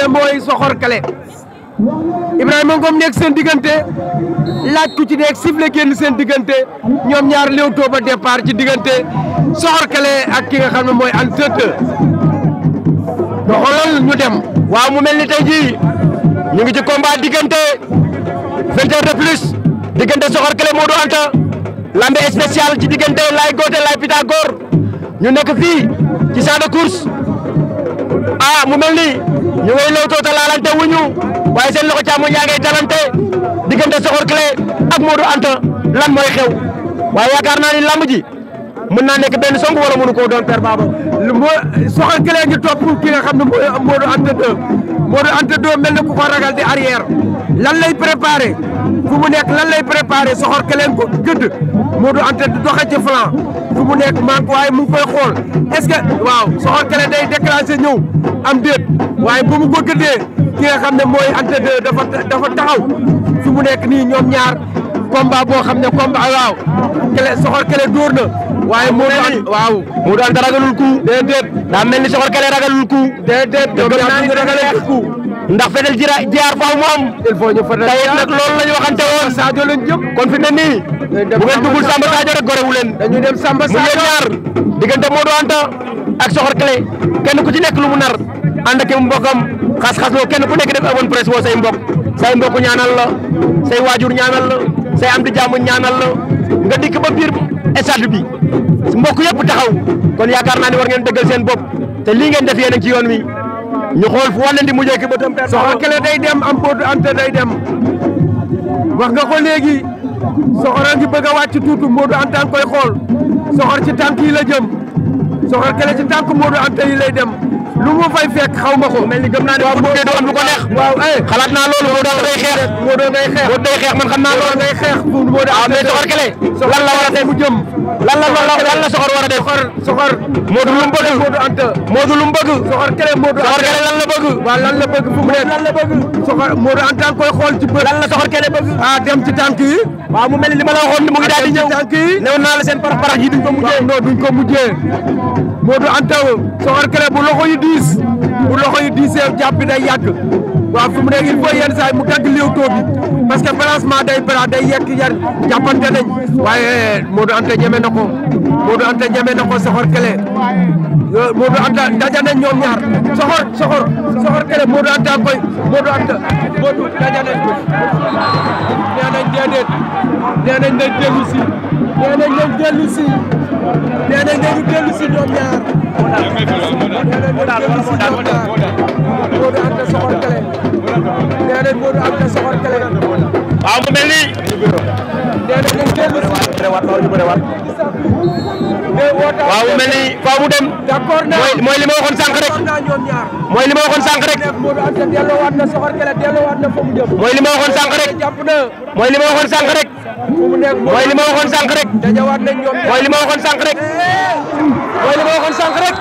ne mooy soxor kale Ibrahima Ngom nekk seen diggante laaj ku ci nekk sifflé génn seen diggante ñoom ñaar léewtoo ba départ ci diggante soxor kale ak ki nga xam mooy Ane Seut doxalal ñu dem. waaw mu mel ni tey jii ñu ngi ci combat diggante vingt heures de plus diggante soxor kale Modou Anta lambe spécial ci diggante Laye Gothé Laye Pythagore ñu nekk fii ci salle course. ah mu mel ni ñu ngay lewtoo te laalante wuñu waaye seen loxo càmmoñ yaa ngay dalante diggante Soxor Clé ak Modou Anta lan xew waaye yaakaar naa ni lamb ji mën naa nekk benn song wala mënu koo doon Père Baba. Soxor Clé ngi topp ki nga xam ne Modou Anta Modou Anta Diop mel na ku ko ragal di arrière lan lay préparé fu mu nekk lan lay préparé soxor keleen ko gëdd Modou Anta di doxe ci fu mu nekk maa waaye mu koy xool est-ce que waaw soxor keleen day déclenché ñëw am déet waaye bu mu ko gëddee ki nga xam ne mooy Anta Diop dafa dafa taxaw fu mu nekk nii ñoom ñaar combat boo xam ne combat waaw kele soxor kele dóor na. waaye mu daan waaw mu daan da ragalul ku déedéet daa mel ni soxor kele ragalul ku déedéet ñoom ñaar ñu ku ndax fenel jira jaar faaw mu am il faut ñu fenel tey nag la ñu waxante woon Sadio lañ jëm kon fi ne nii bu ngeen duggul Samba Sadio rek gorewu leen Anta ak soxor kele kenn ku ci nekk lu mu nar ànd ak mbokkam xas-xas loo kenn ku nekk def abon presse woo say mbokk say mbokk ñaanal la say waajur ñaanal la say am di jàmm ñaanal la nga dikk ba biir stade bi mbokk yëpp taxaw kon yaakaar naa ne war ngeen dëggal seen bopp te lii ngeen def yéen a ci yoon wi ñu xool fu wane di mujjee ki bëtam. soxla kële day dem am potu ante day dem wax nga xool léegi soxora ngi bëgg a wàcc tuuti Modou Anta koy xool soxor ci tànk yi la jëm soxor kële ci tànk Modou Anta yi dem. lu mu fay fekk xaw ma ko. mel ni gëm naa ne bu dee doon lu ko neex. waaw eh. xalaat naa loolu moo doon day xeex. moo doon day xeex moo doon day man xam naa loolu. day xeex pour moo doon. waaw mais a a moo du lu mu bëgg moo du anta. moo du lu mu bëgg. Soxorkele moo du anta Soxorkele lan la bëgg. waaw lan la bëgg koy xool ci bët. Ah, dem ci tànk yi. mu mel li ma waxoon ni mu ngi daal di ah, ñëw tànk naa la seen parax parax yi duñ ko mujjee. non duñ ko bu loxo yi diis bu loxo yi diisee jàpp day yàgg waaw mu nekk il yenn saa mu dagg léewtoo bi parce que balancement day bara day yekk yar jàppante nañ waaye Modou Anta ñeme na ko Modou Anta ñeme na ko soxor kele Modou Anta daja ñoom ñaar soxor soxor soxor kele Modou Anta koy Modou Anta Modou daja nañ ko nee nañ déedéet nee nee nañ leen dellu si mel ni nee dem mooy li ma waxoon sànq mooy li ma waxoon sànq mooy li ma waxoon sànq mooy li ma waxoon sànq mooy li ma waxoon sànq rek mooy li ma waxoon sànq rek mooy li ma waxoon sànq rek.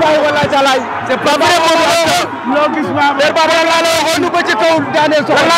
wallaay wallaay salaay. c'est pas vrai moom la waxoon. loo gis maa ma. père Babacar laa la waxoon. ñu ko ci kaw daaneel soxla.